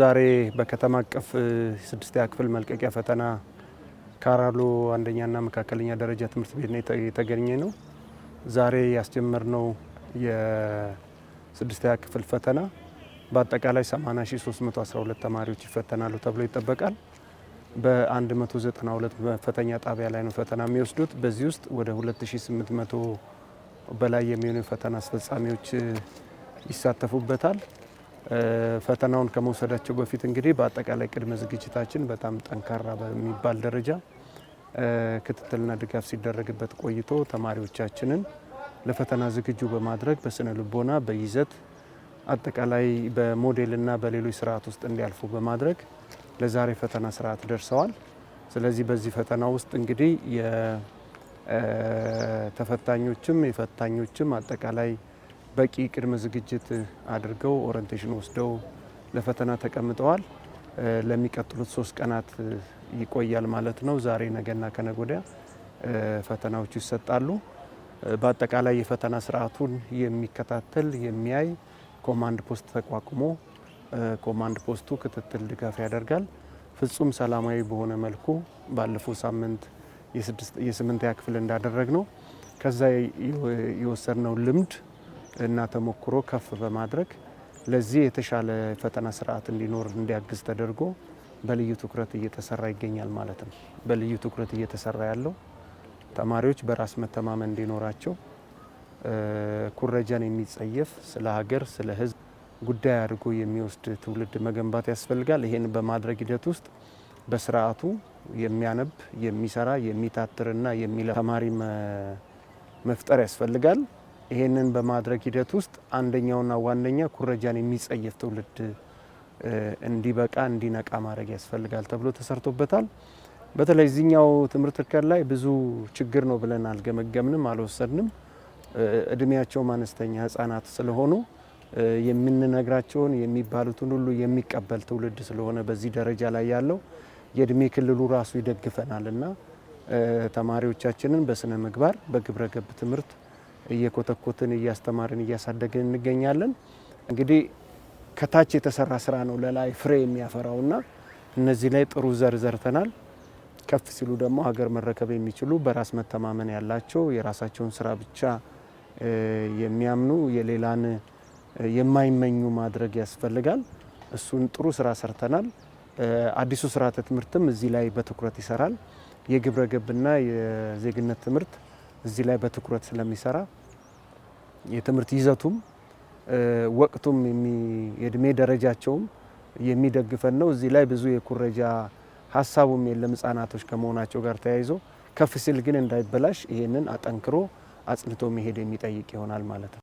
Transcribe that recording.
ዛሬ በከተማ አቀፍ ስድስተኛ ክፍል መልቀቂያ ፈተና ካራሎ አንደኛና መካከለኛ ደረጃ ትምህርት ቤት ነው የተገኘ ነው። ዛሬ ያስጀመርነው የስድስተኛ ክፍል ፈተና በአጠቃላይ 80312 ተማሪዎች ይፈተናሉ ተብሎ ይጠበቃል። በ192 መፈተኛ ጣቢያ ላይ ነው ፈተና የሚወስዱት። በዚህ ውስጥ ወደ 2800 በላይ የሚሆኑ የፈተና አስፈጻሚዎች ይሳተፉበታል። ፈተናውን ከመውሰዳቸው በፊት እንግዲህ በአጠቃላይ ቅድመ ዝግጅታችን በጣም ጠንካራ በሚባል ደረጃ ክትትልና ድጋፍ ሲደረግበት ቆይቶ ተማሪዎቻችንን ለፈተና ዝግጁ በማድረግ በስነ ልቦና፣ በይዘት አጠቃላይ በሞዴልና በሌሎች ስርዓት ውስጥ እንዲያልፉ በማድረግ ለዛሬ ፈተና ስርዓት ደርሰዋል። ስለዚህ በዚህ ፈተና ውስጥ እንግዲህ የተፈታኞችም የፈታኞችም አጠቃላይ በቂ ቅድመ ዝግጅት አድርገው ኦሪንቴሽን ወስደው ለፈተና ተቀምጠዋል። ለሚቀጥሉት ሶስት ቀናት ይቆያል ማለት ነው። ዛሬ ነገና ከነጎዳ ፈተናዎቹ ፈተናዎች ይሰጣሉ። በአጠቃላይ የፈተና ስርዓቱን የሚከታተል የሚያይ ኮማንድ ፖስት ተቋቁሞ ኮማንድ ፖስቱ ክትትል ድጋፍ ያደርጋል። ፍጹም ሰላማዊ በሆነ መልኩ ባለፈው ሳምንት የስምንተኛ ክፍል እንዳደረግ ነው ከዛ የወሰድነው ልምድ እና ተሞክሮ ከፍ በማድረግ ለዚህ የተሻለ ፈተና ስርዓት እንዲኖር እንዲያግዝ ተደርጎ በልዩ ትኩረት እየተሰራ ይገኛል ማለት ነው። በልዩ ትኩረት እየተሰራ ያለው ተማሪዎች በራስ መተማመን እንዲኖራቸው ኩረጃን የሚጸየፍ ስለ ሀገር፣ ስለ ሕዝብ ጉዳይ አድርጎ የሚወስድ ትውልድ መገንባት ያስፈልጋል። ይህን በማድረግ ሂደት ውስጥ በስርዓቱ የሚያነብ የሚሰራ የሚታትርና የሚለ ተማሪ መፍጠር ያስፈልጋል። ይሄንን በማድረግ ሂደት ውስጥ አንደኛውና ዋነኛ ኩረጃን የሚጸየፍ ትውልድ እንዲበቃ እንዲነቃ ማድረግ ያስፈልጋል ተብሎ ተሰርቶበታል። በተለይ እዚህኛው ትምህርት እርከን ላይ ብዙ ችግር ነው ብለን አልገመገምንም፣ አልወሰድንም። እድሜያቸውም አነስተኛ ህጻናት ስለሆኑ የምንነግራቸውን የሚባሉትን ሁሉ የሚቀበል ትውልድ ስለሆነ በዚህ ደረጃ ላይ ያለው የእድሜ ክልሉ ራሱ ይደግፈናል እና ተማሪዎቻችንን በስነ ምግባር በግብረ ገብ ትምህርት እየኮተኮትን እያስተማርን እያሳደግን እንገኛለን። እንግዲህ ከታች የተሰራ ስራ ነው ለላይ ፍሬ የሚያፈራውና እነዚህ ላይ ጥሩ ዘር ዘርተናል። ከፍ ሲሉ ደግሞ ሀገር መረከብ የሚችሉ በራስ መተማመን ያላቸው የራሳቸውን ስራ ብቻ የሚያምኑ የሌላን የማይመኙ ማድረግ ያስፈልጋል። እሱን ጥሩ ስራ ሰርተናል። አዲሱ ስርዓተ ትምህርትም እዚህ ላይ በትኩረት ይሰራል። የግብረ ገብና የዜግነት ትምህርት እዚህ ላይ በትኩረት ስለሚሰራ የትምህርት ይዘቱም ወቅቱም የእድሜ ደረጃቸውም የሚደግፈን ነው። እዚህ ላይ ብዙ የኩረጃ ሀሳቡም የለም። ህጻናቶች ከመሆናቸው ጋር ተያይዞ ከፍ ሲል ግን እንዳይበላሽ ይህንን አጠንክሮ አጽንቶ መሄድ የሚጠይቅ ይሆናል ማለት ነው።